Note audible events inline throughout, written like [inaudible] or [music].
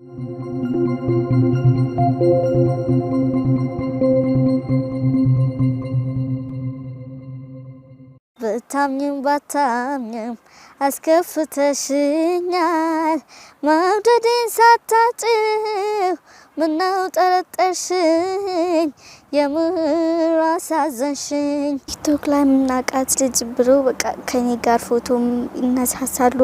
フフフ。ብታምኝም ባታምኝም አስከፍተሽኛል። መውደዴን ሳታጭው ምነው ጠረጠርሽኝ? የምር አሳዘንሽኝ። ቲክቶክ ላይ የምናቃት ልጅ ብሎ በቃ ከኔ ጋር ፎቶም ይነሳሳሉ።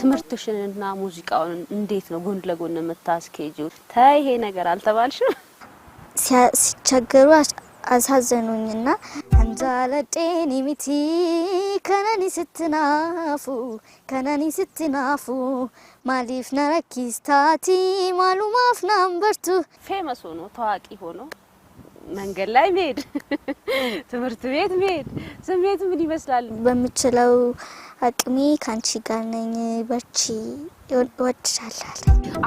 ትምህርትሽንና ሙዚቃውን እንዴት ነው ጎን ለጎን የምታስኬጂው? ተይ ይሄ ነገር አልተባልሽም? ሲቸገሩ አሳዘኑኝና jaaladheeni miti kanani ስትናፉ naafu kanani sitti naafu maaliif na rakkistaati ፌመስ ሆኖ ታዋቂ ሆኖ መንገድ ላይ መሄድ [laughs] ትምህርት ቤት መሄድ ስሜት ምን ይመስላል? በምችለው አቅሜ ከአንቺ ጋር ነኝ፣ በርቺ፣ እወድሻለሁ።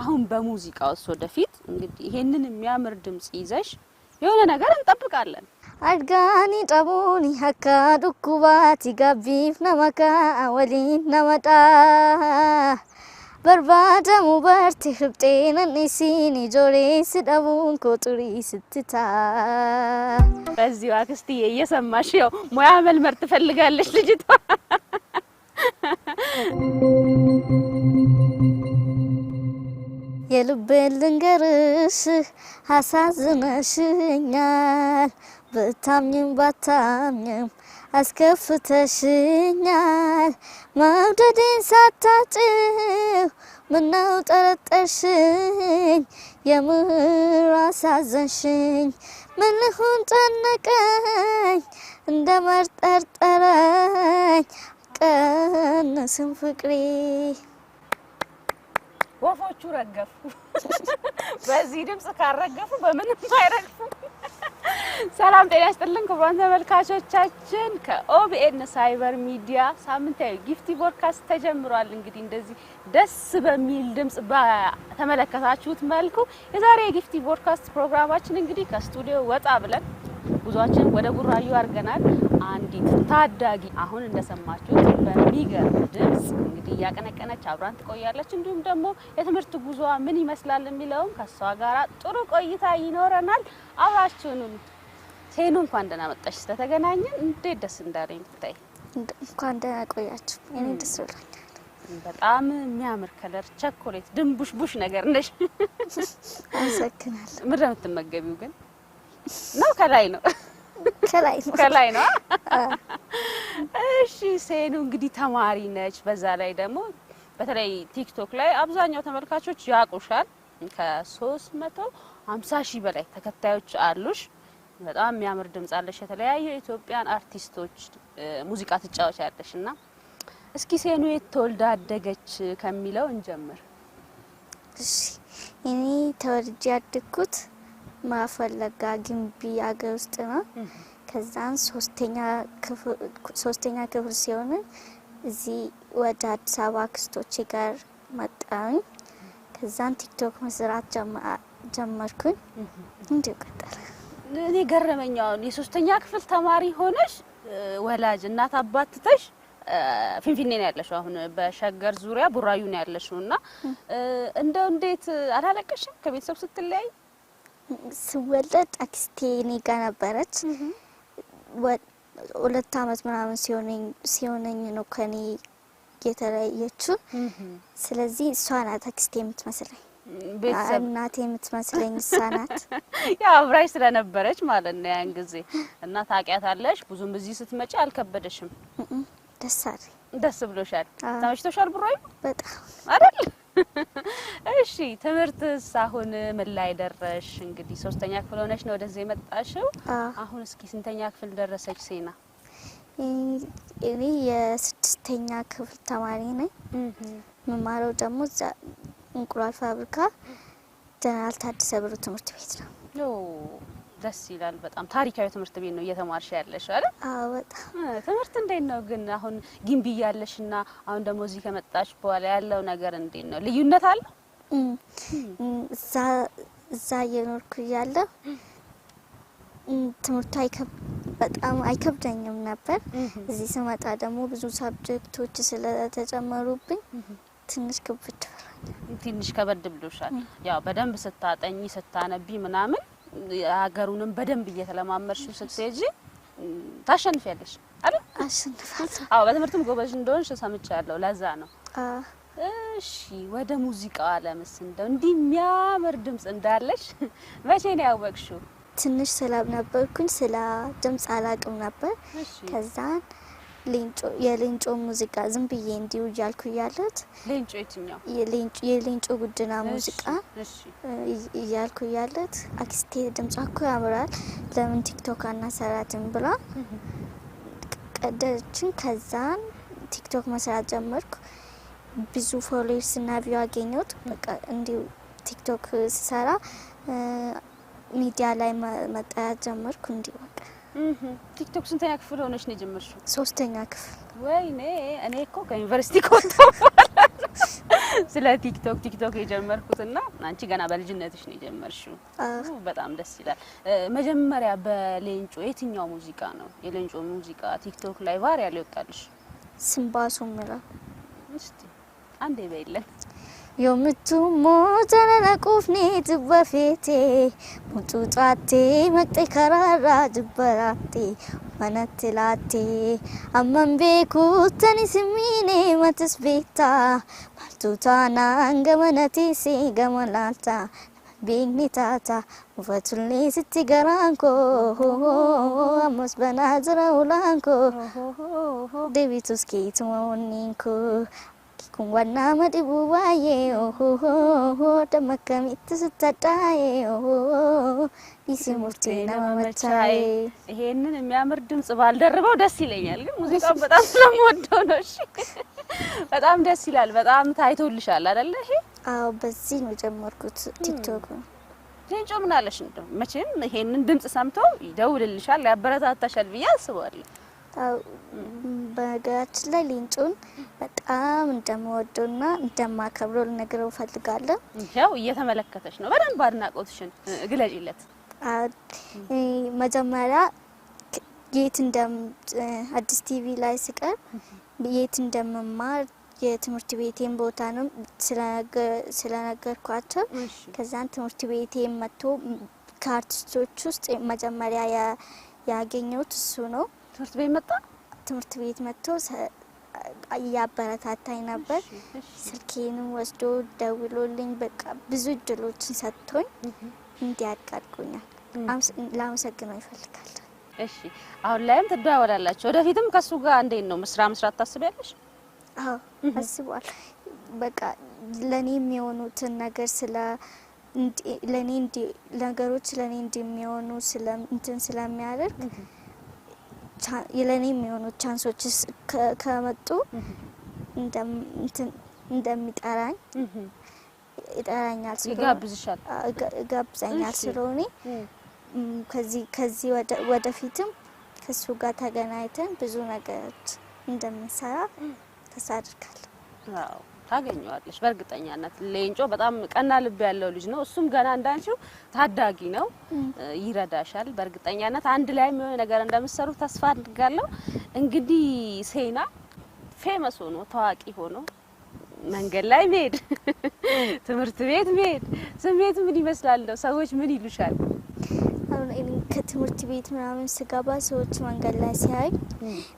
አሁን በሙዚቃ ውስጥ ወደፊት እንግዲህ ይሄንን የሚያምር ድምጽ ይዘሽ የሆነ ነገር እንጠብቃለን። Argaanii dhabuun akka dhukkubaatti gaabbiif nama ka'a waliin namadha. Barbaadamu barte hirphee nan isiin ijoolessi dhabuun koo xurii sitti ta'a. በዚሁ አክስትዬ እየሰማሽ ያው ሙያ መልመር ትፈልጋለች ልጅቷ። የልቤን ልንገርሽ አሳዝነሽኛል ብታምኝም ባታምኝም አስከፍተሽኛል። መውደዴን ሳታጭው ምነው ጠረጠርሽኝ? የምር አሳዘንሽኝ። ምን ልሁን ጨነቀኝ፣ እንደ መርጠርጠረኝ ቀነስን ፍቅሬ ወፎቹ ረገፉ። በዚህ ድምፅ ካረገፉ በምንም አይረግፉ። ሰላም ጤና ይስጥልን ክቡራን ተመልካቾቻችን፣ ከኦቢኤን ሳይበር ሚዲያ ሳምንታዊ ጊፍቲ ፖድካስት ተጀምሯል። እንግዲህ እንደዚህ ደስ በሚል ድምጽ በተመለከታችሁት መልኩ የዛሬ የጊፍቲ ፖድካስት ፕሮግራማችን እንግዲህ ከስቱዲዮ ወጣ ብለን ጉዟችን ወደ ቡራዩ አድርገናል። አንዲት ታዳጊ አሁን እንደሰማችሁት በሚገርም ድምፅ እንግዲህ እያቀነቀነች አብራን ትቆያለች። እንዲሁም ደግሞ የትምህርት ጉዞዋ ምን ይመስላል የሚለውም ከሷ ጋር ጥሩ ቆይታ ይኖረናል። አብራችሁንም ቴኑ እንኳን ደህና መጣሽ። ስለተገናኘን እንዴት ደስ እንዳለኝ ብታይ። እንኳን ደህና ቆያችሁ። እኔ ደስ ብሎኛል። በጣም የሚያምር ከለር ቸኮሌት ድንቡሽቡሽ ነገር ነሽ። አመሰግናለሁ። ምንድን ነው የምትመገቢው ግን? ነው ከላይ ነው ከላይ ነው ከላይ ነው። [laughs] እሺ ሴኑ እንግዲህ ተማሪ ነች። በዛ ላይ ደግሞ በተለይ ቲክቶክ ላይ አብዛኛው ተመልካቾች ያቁሻል። ከሶስት መቶ ሀምሳ ሺህ በላይ ተከታዮች አሉሽ። በጣም የሚያምር ድምጽ አለሽ። የተለያዩ የኢትዮጵያን አርቲስቶች ሙዚቃ ትጫወቻለሽ እና እስኪ ሴኑ የት ተወልዳ አደገች ከሚለው እንጀምር። እሺ እኔ ተወልጄ ያደግኩት ማፈለጋ ግንቢ አገር ውስጥ ነው። ከዛን ሶስተኛ ክፍል ሲሆን እዚህ ወደ አዲስ አበባ ክስቶች ጋር መጣሁኝ። ከዛን ቲክቶክ መስራት ጀመርኩኝ። እንዲሁ ቀጠለ። እኔ ገረመኝ። የሶስተኛ ክፍል ተማሪ ሆነሽ ወላጅ እናት አባት ትተሽ ፊንፊኔ ነው ያለሽው። አሁን በሸገር ዙሪያ ቡራዩ ነው ያለሽው እና እንደው እንዴት አላለቀሽም ከቤተሰብ ስትለያይ? ስወለድ አክስቴ እኔ ጋ ነበረች። ሁለት አመት ምናምን ሲሆነኝ ነው ከኔ የተለየችው። ስለዚህ እሷ ናት አክስቴ የምትመስለኝ፣ እናቴ የምትመስለኝ እሷ ናት። [laughs] ያው አብራሽ ስለነበረች ማለት ነው ያን ጊዜ እና ታውቂያታለሽ። ብዙም እዚህ ስትመጪ አልከበደሽም? ደስ አለኝ። ደስ ብሎሻል? ተመችቶሻል? ብሮይ በጣም አይደል እሺ ትምህርትስ አሁን ምን ላይ ደረሽ? እንግዲህ ሶስተኛ ክፍል ሆነሽ ነው ወደዚህ የመጣሽው። አሁን እስኪ ስንተኛ ክፍል ደረሰች ሴና? እኔ የስድስተኛ ክፍል ተማሪ ነኝ። መማረው ደግሞ እንቁላል ፋብሪካ ጀነራል ታደሰ ብሩ ትምህርት ቤት ነው። ደስ ይላል። በጣም ታሪካዊ ትምህርት ቤት ነው እየተማርሽ ያለሽ አይደል? አዎ። በጣም ትምህርት እንዴት ነው ግን አሁን ግንቢ እያለሽ አሁን ደግሞ እዚህ ከመጣሽ በኋላ ያለው ነገር እንዴት ነው? ልዩነት አለ? እዛ እዛ እየኖርኩ እያለ ትምህርቱ በጣም አይከብደኝም ነበር። እዚህ ስመጣ ደግሞ ብዙ ሳብጀክቶች ስለተጨመሩብኝ ትንሽ ክብድ ትንሽ ከበድ ብሎሻል። ያው በደንብ ስታጠኚ ስታነቢ ምናምን ሀገሩንም በደንብ እየተለማመድሽው ስትሄጂ ታሸንፊያለሽ አይደል? አሸንፋለሁ። አዎ፣ በትምህርትም ጎበዥ እንደሆንሽ ሰምቻለሁ። ለዛ ነው። እሺ፣ ወደ ሙዚቃው አለምስ እንደው እንዲህ የሚያምር ድምፅ እንዳለሽ መቼ ነው ያወቅሽው? ትንሽ ስላብ ነበርኩኝ ስለ ድምፅ አላቅም ነበር። ከዛን የሊንጮ ሙዚቃ ዝም ብዬ እንዲሁ እያልኩ እያለት የሊንጮ ጉድና ሙዚቃ እያልኩ እያለት አክስቴ ድምጿ እኮ ያምራል፣ ለምን ቲክቶክ አናሰራትም ብላ ቀደችን። ከዛን ቲክቶክ መስራት ጀመርኩ። ብዙ ፎሎዌርስ እና ቪው አገኘሁት። በቃ እንዲሁ ቲክቶክ ስሰራ ሚዲያ ላይ መጠራት ጀመርኩ እንዲሁ በቃ ቲክቶክ ስንተኛ ክፍል ሆነች ነው የጀመርሽው? ሶስተኛ ክፍል። ወይኔ እኔ እኮ ከዩኒቨርሲቲ ኮቶ ስለ ቲክቶክ ቲክቶክ የጀመርኩትና አንቺ ገና በልጅነትሽ ነው የጀመርሽው። በጣም ደስ ይላል። መጀመሪያ በሌንጮ የትኛው ሙዚቃ ነው የሌንጮ ሙዚቃ ቲክቶክ ላይ ቫይራል ያለ ይወጣልሽ? ስምባሱ ምላ እስቲ አንዴ በይለን Yoomittummoo jalala quufni jibba feetee mucuu caattee maqxe karaarraa jibba laattee manatti laattee amman beekuuttani simmiinee matis beektaa maaltu taanaan gama natiisee gama laaltaa beekni taata mufatullee sitti garaan koo ammas banaa jira ulaan koo deebitus keetuma onneen koo. kun wannaama dhibuu baay'ee oohoo ስታጣዬ ኦሆ ዲሲ ሙርቴ nama ይሄንን የሚያምር ድምጽ ባልደርበው ደስ ይለኛል፣ ግን ሙዚቃውን በጣም ስለምወደው ነው። እሺ በጣም ደስ ይላል። በጣም ታይቶልሻል አደለ ይሄ አዎ፣ በዚህ ነው ጀመርኩት ቲክቶክ ቴንጮ ምን አለሽ? እንደው መቼም ይሄንን ድምጽ ሰምተው ይደውልልሻል፣ ያበረታታሻል ብዬ አስባለሁ። በነገራችን ላይ ሊንጩን በጣም እንደምወደውና እንደማከብረው ልነግረው ፈልጋለሁ። ይኸው እየተመለከተች ነው። በደንብ አድናቆትሽን ግለጪለት። መጀመሪያ የት አዲስ ቲቪ ላይ ስቀርብ የት እንደምማር የትምህርት ቤቴን ቦታ ነው ስለነገርኳቸው። ከዛን ትምህርት ቤቴን መጥቶ ከአርቲስቶች ውስጥ መጀመሪያ ያገኘሁት እሱ ነው። ትምህርት ቤት መጣ። ትምህርት ቤት መጥቶ እያበረታታኝ ነበር። ስልኬንም ወስዶ ደውሎልኝ በቃ ብዙ እድሎችን ሰጥቶኝ እንዲያድግ አድጎኛል። ላመሰግነው ይፈልጋለሁ። እሺ አሁን ላይም ትደዋወላላችሁ? ወደፊትም ከሱ ጋር እንዴት ነው ስራ መስራት ታስቢያለሽ? አዎ አስቧል። በቃ ለእኔ የሚሆኑትን ነገር ስለ ለእኔ ነገሮች ለእኔ እንደሚሆኑ ስለ እንትን ስለሚያደርግ ለእኔ የሚሆኑ ቻንሶች ከመጡ እንደሚጠራኝ ይጠራኛል፣ ይጋብዝሻል፣ ስለሆነ ከዚህ ከዚህ ወደፊትም ከሱ ጋር ተገናኝተን ብዙ ነገሮች እንደምንሰራ ተስፋ አድርጋለሁ። ታገኘዋለች በእርግጠኛነት። ሌንጮ በጣም ቀና ልብ ያለው ልጅ ነው። እሱም ገና እንዳንቺው ታዳጊ ነው፣ ይረዳሻል በእርግጠኛነት። አንድ ላይ የሆነ ነገር እንደምትሰሩ ተስፋ አድርጋለሁ። እንግዲህ ሴና ፌመስ ሆኖ ታዋቂ ሆኖ መንገድ ላይ መሄድ፣ ትምህርት ቤት መሄድ ስሜት ምን ይመስላል? ነው ሰዎች ምን ይሉሻል? ከትምህርት ቤት ምናምን ስገባ ሰዎች መንገድ ላይ ሲያይ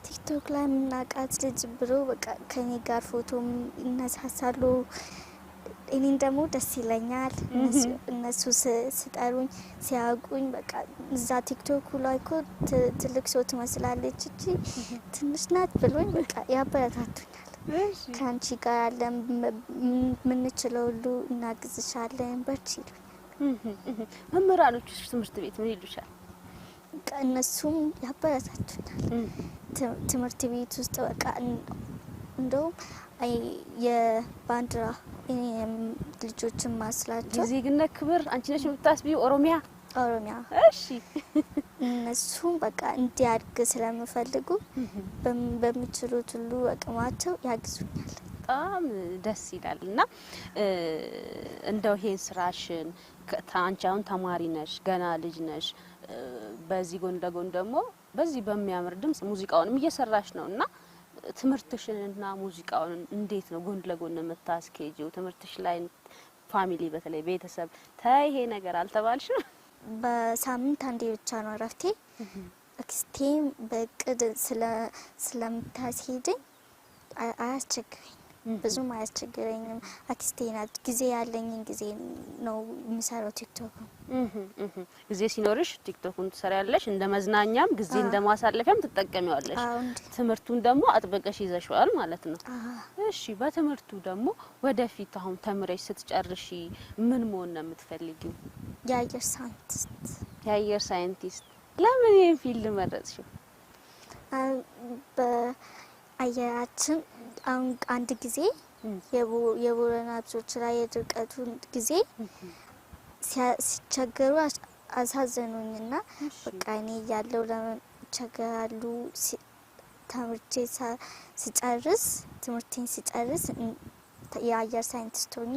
ቲክቶክ ላይ የምናውቃት ልጅ ብሎ በቃ ከኔ ጋር ፎቶ ይነሳሳሉ። እኔን ደግሞ ደስ ይለኛል። እነሱ ስጠሩኝ ሲያውቁኝ በቃ እዛ ቲክቶኩ ላይ ኮ ትልቅ ሰው ትመስላለች እቺ ትንሽ ናት ብሎኝ በቃ ያበረታቱኛል። ከአንቺ ጋር ያለን የምንችለው ሁሉ እናግዝሻለን በርቺ ይሉኝ መምህራኖች ትምህርት ቤት ምን ይሉሻል? እነሱም ያበረታቱናል። ትምህርት ቤት ውስጥ በቃ እንደውም የባንዲራ ልጆችን ማስላቸው የዜግነት ክብር አንቺ ነሽ የምታስቢው ኦሮሚያ ኦሮሚያ እሺ። እነሱም በቃ እንዲያድግ ስለምፈልጉ በሚችሉት ሁሉ አቅማቸው ያግዙኛል። በጣም ደስ ይላል እና እንደው ይሄን ስራሽን አንቺ አሁን ተማሪ ነሽ፣ ገና ልጅ ነሽ። በዚህ ጎን ለጎን ደግሞ በዚህ በሚያምር ድምጽ ሙዚቃውንም እየሰራሽ ነው እና ትምህርትሽንና ሙዚቃውን እንዴት ነው ጎን ለጎን የምታስኬጂው? ትምህርትሽ ላይ ፋሚሊ፣ በተለይ ቤተሰብ ተይ ይሄ ነገር አልተባልሽም? በሳምንት አንዴ ብቻ ነው እረፍቴ። እክስቴም በእቅድ ስለምታስሄድኝ አያስቸግረኝ ብዙም አያስቸግረኝም። አክስቴ ናት። ጊዜ ያለኝን ጊዜ ነው የምሰራው ቲክቶክ። ጊዜ ሲኖርሽ ቲክቶኩን ትሰሪያለሽ፣ እንደ መዝናኛም ጊዜ እንደ ማሳለፊያም ትጠቀሚዋለሽ። ትምህርቱን ደግሞ አጥብቀሽ ይዘሽዋል ማለት ነው። እሺ፣ በትምህርቱ ደግሞ ወደፊት አሁን ተምረሽ ስትጨርሺ ምን መሆን ነው የምትፈልጊው? የአየር ሳይንቲስት። የአየር ሳይንቲስት። ለምን ይህን ፊልድ መረጥሽው? በአየራችን አንድ ጊዜ የቦረና ብዙዎች ላይ የድርቀቱን ጊዜ ሲቸገሩ አሳዘኑኝ አሳዘኑኝና በቃ እኔ እያለሁ ለምን ይቸገራሉ? ተምርቼ ሲጨርስ ትምህርቴን ሲጨርስ የአየር ሳይንቲስት ሆኜ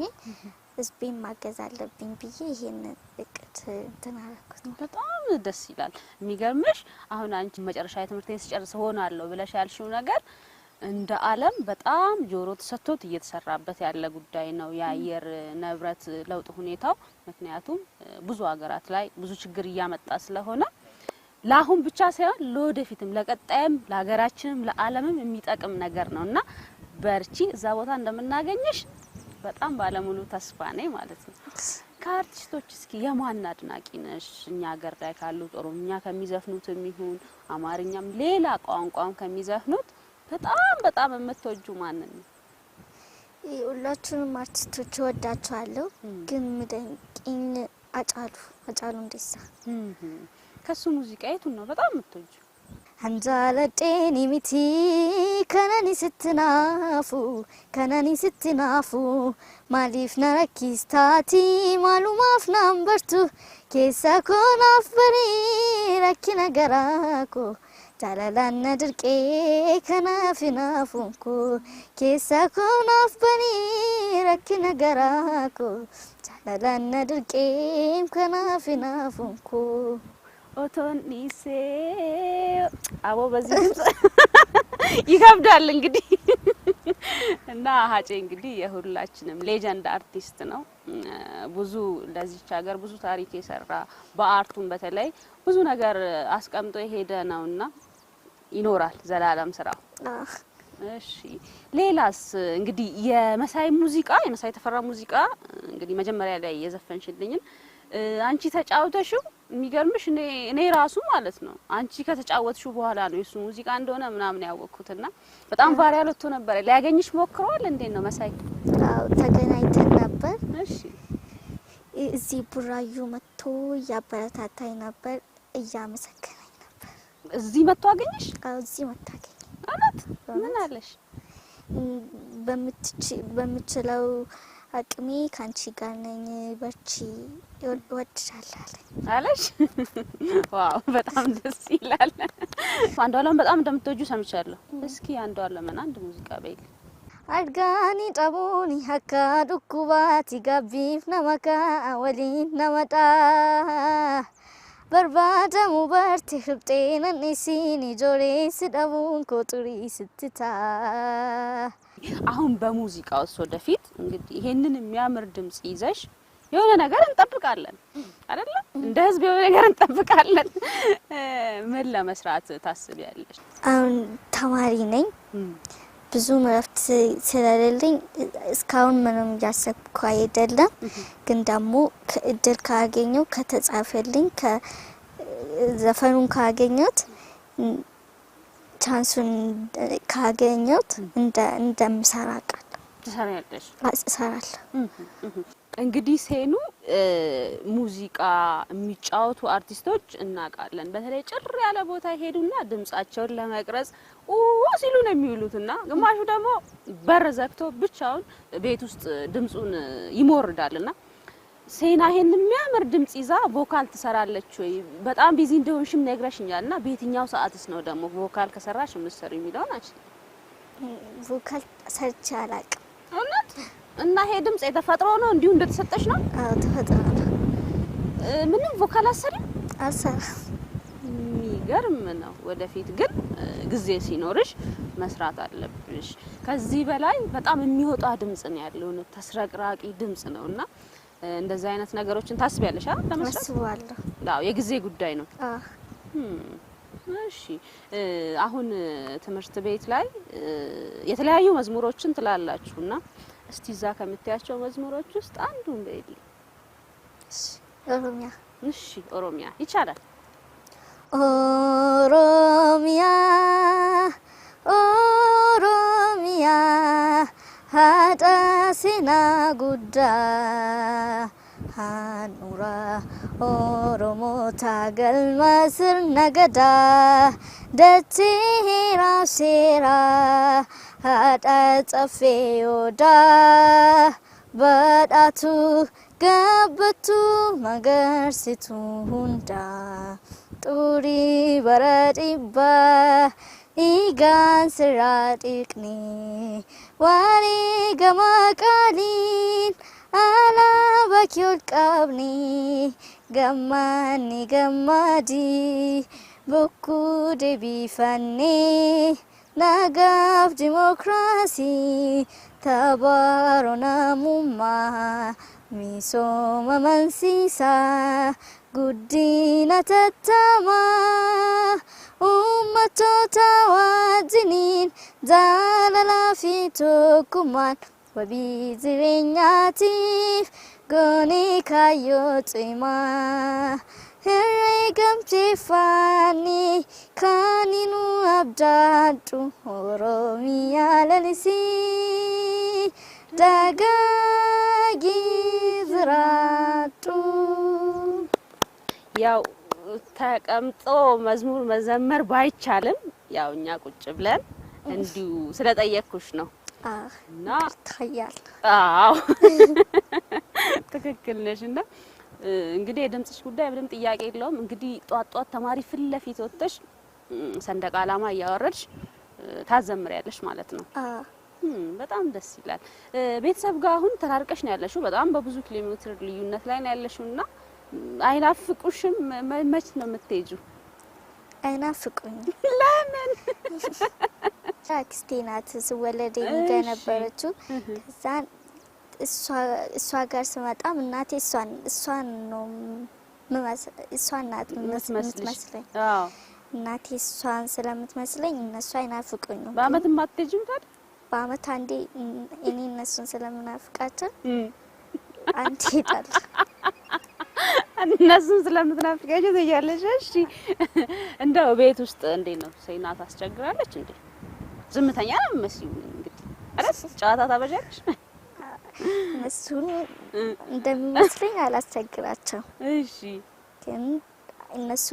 ህዝቤን ማገዝ አለብኝ ብዬ ይሄንን እቅድ እንትን አደረኩት። በጣም ደስ ይላል። የሚገርምሽ አሁን አንቺ መጨረሻ የትምህርቴን ሲጨርስ ሆናለሁ ብለሽ ያልሽው ነገር እንደ ዓለም በጣም ጆሮ ተሰጥቶት እየተሰራበት ያለ ጉዳይ ነው የአየር ንብረት ለውጥ ሁኔታው። ምክንያቱም ብዙ ሀገራት ላይ ብዙ ችግር እያመጣ ስለሆነ ለአሁን ብቻ ሳይሆን ለወደፊትም ለቀጣይም ለሀገራችንም ለዓለምም የሚጠቅም ነገር ነው እና በርቺ፣ እዛ ቦታ እንደምናገኘሽ በጣም ባለሙሉ ተስፋ ነኝ ማለት ነው። ከአርቲስቶች እስኪ የማን አድናቂ ነሽ? እኛ ሀገር ላይ ካሉት ኦሮምኛ ከሚዘፍኑት የሚሆን አማርኛም ሌላ ቋንቋም ከሚዘፍኑት በጣም በጣም የምትወጁ ማንን ነው? ሁላችሁንም አርቲስቶች እወዳቸዋለሁ፣ ግን ምደንቅኝ አጫሉ አጫሉ እንደሳ ከሱ ሙዚቃ የቱን ነው በጣም የምትወጁ? አንጃለጤን ሚቲ ከነኒ ስትናፉ ከነኒ ስትናፉ ማሊፍ ነረኪስታቲ ማሉማፍ ናምበርቱ ኬሳ ኮናፍ በሪ ረኪ ነገራኮ jaalala dirqee kanaaf naafuun koo keessa koo naaf banii rakkina garaa koo jaalala dirqee kanaaf naafuun koo oቶን ዲሴ አቦ በዚህ ይከብዳል እንግዲህ እና ሀጬ እንግዲህ የሁላችንም ሌጀንድ አርቲስት ነው። ብዙ ለዚች ሀገር ብዙ ታሪክ የሰራ በአርቱም በተለይ ብዙ ነገር አስቀምጦ የሄደ ነውና ይኖራል ዘላለም ስራው። እሺ ሌላስ እንግዲህ የመሳይ ሙዚቃ የመሳይ ተፈራ ሙዚቃ እንግዲህ መጀመሪያ ላይ የዘፈንሽልኝን አንቺ ተጫውተሽው የሚገርምሽ እኔ እኔ ራሱ ማለት ነው አንቺ ከተጫወትሽው በኋላ ነው የሱ ሙዚቃ እንደሆነ ምናምን ያወቅኩትና በጣም ቫይራል ወጥቶ ነበረ። ሊያገኝሽ ሞክሯል? እንዴት ነው መሳይ? አዎ ተገናኝተን ነበር። እሺ እዚህ ቡራዩ መጥቶ እያበረታታኝ ነበር፣ እያመሰገነ እዚህ መጥቶ አገኘሽ? አዎ እዚህ መጥቶ አገኘ። እውነት ምን አለሽ? በምችለው አቅሜ ከአንቺ ጋር ነኝ፣ በርቺ፣ እወድሻለሁ አለኝ አለሽ? [laughs] ዋው በጣም ደስ ይላል። አንዷ አለም በጣም እንደምትወጁ ሰምቻለሁ። እስኪ አንዷ አለምን አንድ ሙዚቃ በይል አድጋኒ ጠቡኒ ሀካ ዱኩባቲ ጋቢፍ ነመካ ወሊን ነመጣ በርባደሙ baarte hirxeenan isiin ijoolessi dhabuun koo xurii አሁን በሙዚቃ ውስጥ ወደፊት እንግዲህ ይሄንን የሚያምር ድምጽ ይዘሽ የሆነ ነገር እንጠብቃለን አይደለ? እንደ ህዝብ የሆነ ነገር እንጠብቃለን። ምን ለመስራት ታስቢያለሽ? አሁን ተማሪ ነኝ። ብዙ እረፍት ስለሌለኝ እስካሁን ምንም እያሰብኩ አይደለም። ግን ደግሞ እድል ካገኘው ከተጻፈልኝ ዘፈኑን ካገኘት ቻንሱን ካገኘት እንደምሰራ ቃል እሰራለሁ። እንግዲህ ሴኑ ሙዚቃ የሚጫወቱ አርቲስቶች እናውቃለን። በተለይ ጭር ያለ ቦታ ይሄዱና ድምጻቸውን ለመቅረጽ ሲሉ ነው የሚውሉትና ግማሹ ደግሞ በር ዘግቶ ብቻውን ቤት ውስጥ ድምጹን ይሞርዳልና ሴና ይሄን የሚያምር ድምጽ ይዛ ቮካል ትሰራለች ወይ? በጣም ቢዚ እንደሆንሽም ነግረሽኛል። እና በየትኛው ሰዓትስ ነው ደግሞ ቮካል ከሰራሽ የምትሰሪው የሚለውን አንቺ ቮካል ሰርቼ አላውቅም። እና ይሄ ድምጽ የተፈጥሮ ነው እንዲሁ እንደተሰጠች ነው? አዎ ተፈጥሮ ነው። ምንም ቮካል አሰሪም አልሰራም። የሚገርም ነው። ወደፊት ግን ጊዜ ሲኖርሽ መስራት አለብሽ። ከዚህ በላይ በጣም የሚወጣ ድምጽ ነው ያለው፣ ተስረቅራቂ ድምጽ ነው እና እንደዚህ አይነት ነገሮችን ታስቢያለሽ አይደል? ለመስራት አዎ የጊዜ ጉዳይ ነው። እሺ አሁን ትምህርት ቤት ላይ የተለያዩ መዝሙሮችን ትላላችሁና እስቲ እዛ ከምታያቸው መዝሙሮች ውስጥ አንዱ እንደ ይል ኦሮሚያ ይቻላል። ኦሮሚያ ኦሮሚያ ሀጠሲና ጉዳ ሀኑራ ኦሮሞ ታገል መስር ነገዳ ደቲ ሂራ ሴራ ሀጣጸፌ ወዳ በዳቱ ገበቱ መገርሲቱ ሁንዳ ጡሪ በረጢባ ኢጋን ስራ ጢቅኒ ዋኒ ገማ አላ በኪዮል ቃብኒ ገማኒ ገማዲ ቦኩ ደቢፈኔ Nagaf Democracy Tabarona Mumma Misoma Mansisa Guddina Tattama Ummatoota wajjiniin jaalalaa fi tokkummaan wabii jireenyaatiif goonii kaayyoo cimaa. Herreegamtee faanii kaaninuu abdaadhu Oromiyaa lalisii dagaagii ዝራጡ ያው ተቀምጦ መዝሙር መዘመር ባይቻልም ያው እኛ ቁጭ ብለን እንዲሁ ስለጠየቅኩሽ ነው። እና ትክክል ነሽ እና እንግዲህ የድምጽሽ ጉዳይ ምንም ጥያቄ የለውም። እንግዲህ ጧት ጧት ተማሪ ፊት ለፊት ወጥተሽ ሰንደቅ ዓላማ እያወረድሽ ታዘምሪያለሽ ማለት ነው። በጣም ደስ ይላል። ቤተሰብ ጋር አሁን ተራርቀሽ ነው ያለሽው። በጣም በብዙ ኪሎ ሜትር ልዩነት ላይ ነው ያለሽው እና አይናፍቁሽም? መች ነው የምትሄጂው? አይናፍቁኝ። ለምን? አክስቴ ናት ስወለድ የሚገ ነበረችው ከዛን እሷ ጋር ስመጣም እናቴ እሷን ነው እሷ ናት የምትመስለኝ። እናቴ እሷን ስለምትመስለኝ እነሱ አይናፍቁኝም። በአመት ማትጅም ታዲያ በአመት አንዴ እኔ እነሱን ስለምናፍቃቸው አንዴ ሄዳለሁ። እነሱን ስለምትናፍቃቸው ትሄጃለሽ። እሺ፣ እንደው ቤት ውስጥ እንዴት ነው ሴና ታስቸግራለች እንዴ? ዝምተኛ ነው የምመስይው እንግዲህ። አረስ ጨዋታ ታበዣለሽ እሱን እንደሚመስለኝ አላስቸግራቸው። እሺ ግን እነሱ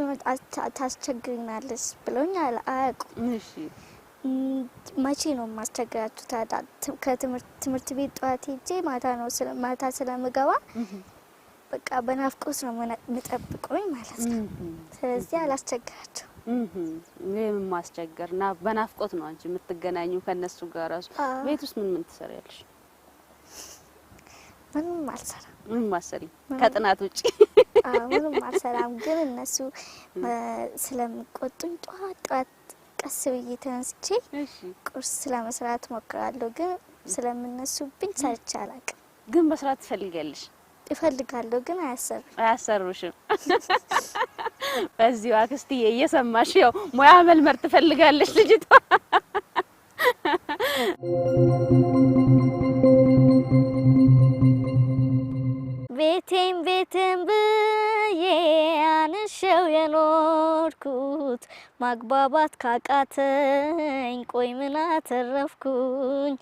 ታስቸግሪናለች ብለውኝ አያውቁም። እሺ መቼ ነው የማስቸግራችሁ ታዲያ? ከትምህርት ቤት ጠዋት ሄጄ ማታ ነው ማታ ስለምገባ በቃ በናፍቆት ነው የምጠብቁኝ ማለት ነው። ስለዚህ አላስቸግራቸው። ይህም ማስቸገር በናፍቆት ነው እንጂ የምትገናኙ ከእነሱ ጋር ራሱ። ቤት ውስጥ ምን ምን ትሰሪያለሽ? ምንም አልሰራም። ምንም አልሰራም ከጥናት ውጪ ምንም አልሰራም። ግን እነሱ ስለሚቆጡኝ ጠዋት ጠዋት ቀስ ብዬ ተነስቼ ቁርስ ለመስራት ሞክራለሁ። ግን ስለምነሱብኝ ሰርቼ አላውቅም። ግን መስራት ትፈልጊያለሽ? እፈልጋለሁ ግን አያሰሩ አያሰሩሽም። [laughs] በዚሁ አክስትዬ እየሰማሽ ያው ሙያ መልመር ትፈልጋለሽ ልጅቷ። [laughs] ማግባባት ካቃተኝ ቆይ ምን አተረፍኩኝ?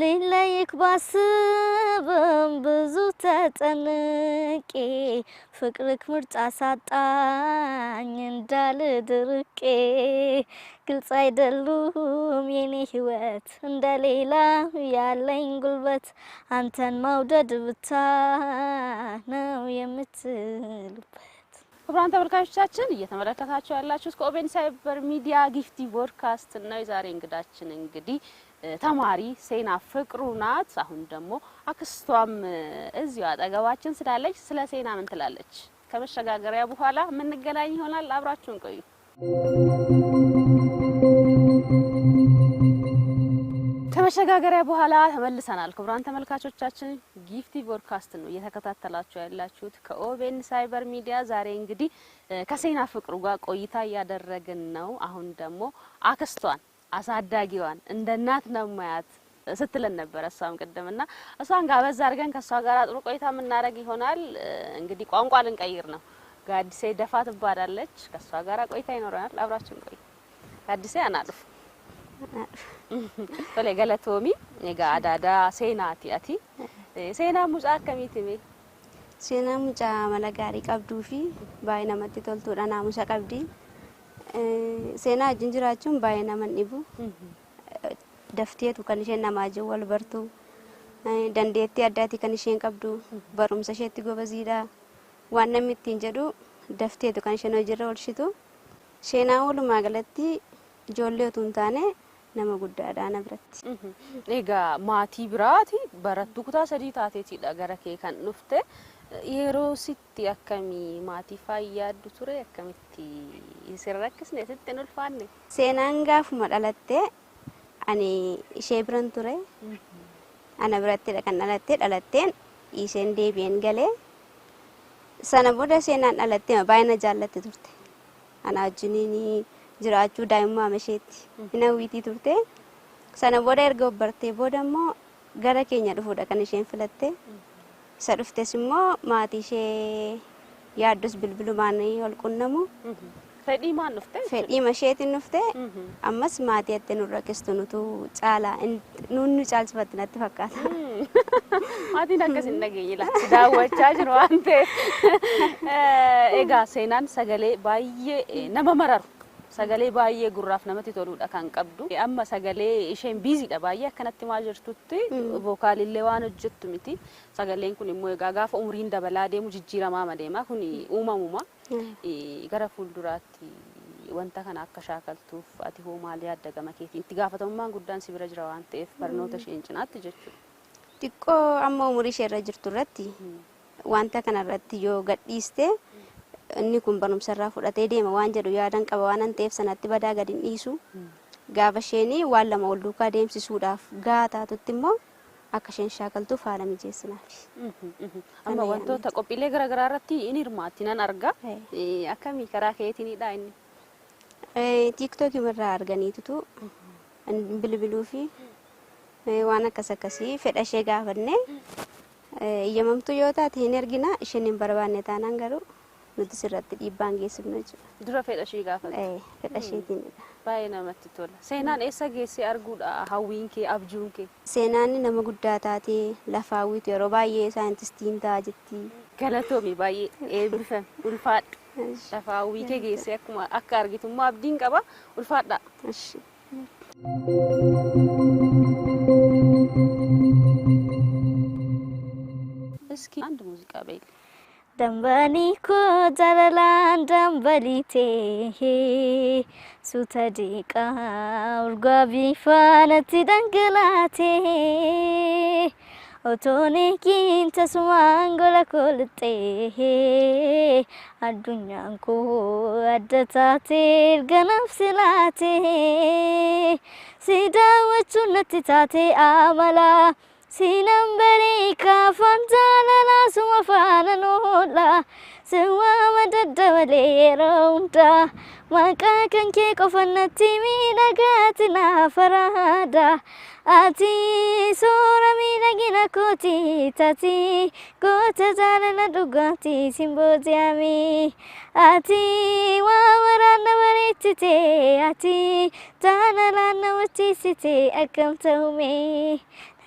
ልለይክ ባስብም ብዙ ተጨንቄ ፍቅርክ ምርጫ ሳጣኝ እንዳል ድርቄ ግልጽ አይደሉም የኔ ህይወት እንደሌላ ያለኝ ጉልበት አንተን ማውደድ ብቻ ነው የምትሉበት ክቡራን ተመልካቾቻችን እየተመለከታችሁ ያላችሁት ከኦቤን ሳይበር ሚዲያ ጊፍቲ ቦድካስት ነው። የዛሬ እንግዳችን እንግዲህ ተማሪ ሴና ፍቅሩ ናት። አሁን ደግሞ አክስቷም እዚሁ አጠገባችን ስላለች ስለ ሴና ምን ትላለች ከመሸጋገሪያ በኋላ የምንገናኝ ይሆናል። አብራችሁን ቆዩ። ከመሸጋገሪያ በኋላ ተመልሰናል። ክቡራን ተመልካቾቻችን ጊፍቲ ቦድካስት ነው እየተከታተላችሁ ያላችሁት ከኦቤን ሳይበር ሚዲያ። ዛሬ እንግዲህ ከሴና ፍቅሩ ጋር ቆይታ እያደረግን ነው። አሁን ደግሞ አክስቷን አሳዳጊዋን እንደ እናት ነው ማያት ስትለን ነበር። እሷም ቅድምና እሷን ጋር በዛ አድርገን ከእሷ ጋር ጥሩ ቆይታ የምናደርግ ይሆናል። እንግዲህ ቋንቋ ልንቀይር ነው። ጋዲሴ ደፋ ትባላለች። ከእሷ ጋር ቆይታ ይኖረናል። አብራችን ቆይ ጋዲሴ አናልፍ Tole galatoomi egaa adaadaa seenaati ati seenaa mucaa akkamiiti mee? Seenaa mucaa mala gaarii qabduu fi baay'ee namatti toltuudha naamusa qabdi. Seenaa wajjin jiraachuun baay'ee nama dhibu. Dafteetu kan isheen namaa wajjin wal bartu. Dandeettii addaatii kan isheen qabdu. Barumsa isheetti gobaziidha. Waan namni ittiin jedhu dafteetu kan isheen hojiirra oolchitu. Seenaa walumaa galatti ijoollee utuu hin taane nama guddaadhaa nabratti. Mhm. Egaa maatii biraati barattuu kutaa sadii taateetidha gara kee kan dhufte. Yeroo sitti akkamii maatii faayyaaddu ture akkamitti isin rakkisne sitti hin ulfaanne? Seenaan gaafuma dhalattee ani ishee biran ture. Mhm. Ana birattidha kan dhalattee dhalatteen isheen deebi'een galee sana booda seenaan dhalattee baay'ina jaallatte turte. Ana wajjiniin jiraachu daa'imma amasheetti ina wiitii turte sana booda erga obbartee booda immoo gara keenya dhufuudha kan isheen filatte isa dhuftes immoo maatii ishee yaaddus bilbilumaan ol qunnamu Fedhii fedhiimaan dhufte Fedhii masheetiin dhufte ammas maatii atte nurra keessu nutu caala nuunni caalchifatte natti fakkaata. Maatiin akkas hin dhageenye laatti daawwachaa jiru waan ta'eef. Egaa seenaan sagalee baay'ee nama mararu sagalee baay'ee gurraaf namatti toludha kan qabdu. Amma sagalee isheen biiziidha baay'ee akkanatti maa jirtutti vookaalillee waan hojjettu miti. Sagaleen kun immoo egaa gaafa umriin dabalaa deemu jijjiiramaa madeema kun uumamuma. Gara fuulduraatti wanta kana akka shaakaltuuf ati hoo maalii adda gama keetii itti gaafatamummaan guddaan si bira jira waan ta'eef barnoota isheen cinaatti jechuudha. Xiqqoo amma umrii ishee irra jirtu irratti wanta irratti yoo gadhiiste. inni kun barumsa irraa fudhatee deema waan jedhu yaadan qaba waan ta'eef sanatti badaa gadi dhiisu gaafa isheen waan lama ol duukaa deemsisuudhaaf gahaa taatutti immoo akka isheen shaakaltuuf haala mijeessinaaf. Amma wantoota qophiilee garaagaraa irratti ni hirmaatti nan arga. Akkamii karaa keetiinidha inni? Tiiktookii irraa arganiitutu bilbiluu fi waan akkas akkasii fedha ishee gaafannee iyyamamtu yoo taate hin ergina isheen hin barbaanne taanaan garuu. nuti sirratti dhiibbaan geessifnu jechuudha. Dura fedha ishee gaafate. Fedha isheetiinidha. Baay'ee namatti tola. Seenaan eessa geessee arguudha hawwiin kee abjuun kee? Seenaan nama guddaa taatee lafa hawwitu yeroo baay'ee saayintistiin ta'a jetti. Galatoomi baay'ee eebbifame ulfaadha. Lafa hawwii kee geessee akkuma akka argitummaa abdiin qaba ulfaadha. እስኪ አንድ ሙዚቃ በይልኝ። Dambanii koo jalalaan dambalii ta'e suuta diiqaa urgaa bifaanatti dhangalaate otoon eegiin tasumaan gola addunyaan koo adda taate erga naaf si daawwachuun natti taate amalaa. ሲነንበሬካ ፋንታና ናሱማ ፋናኖላ ስዋ መደደበሌ yeroo hundaa maqaa kan kee qofa na miidhagaati naa farada. ati gina miidhagina kooti taati zana na dhugaati simbooti ami ati waa waraanna bareechite ati taana laanna wachiisite akkam ta'ume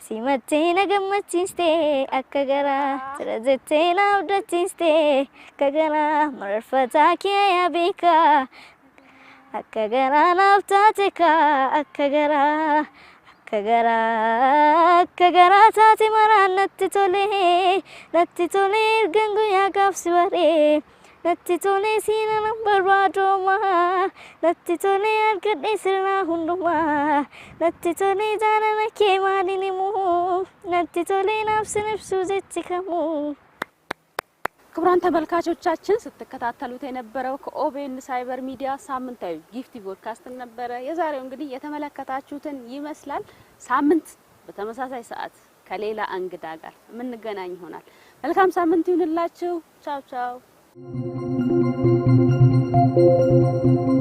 Simattee na gammachiistee akka garaa jira jettee na abdachiistee akka garaa mararfataa kee yaa beekaa akka garaa naaf taate kaa akka garaa akka garaa akka garaa taate maraan natti tolee natti tolee ergan guyyaa gaafsi baree. Natti siina barbaadooma natti tolee argadhee sirnaa hundumaa natti tolee jaalala kee maaliin himuu natti tolee naaf sin ibsu jechi ክቡራን ተመልካቾቻችን ስትከታተሉት የነበረው ከኦቤን ሳይበር ሚዲያ ሳምንታዊ ጊፍቲ ፖድካስትን ነበረ። የዛሬው እንግዲህ የተመለከታችሁትን ይመስላል። ሳምንት በተመሳሳይ ሰዓት ከሌላ እንግዳ ጋር የምንገናኝ ይሆናል። መልካም ሳምንት ይሁንላችሁ። ቻው ቻው። Música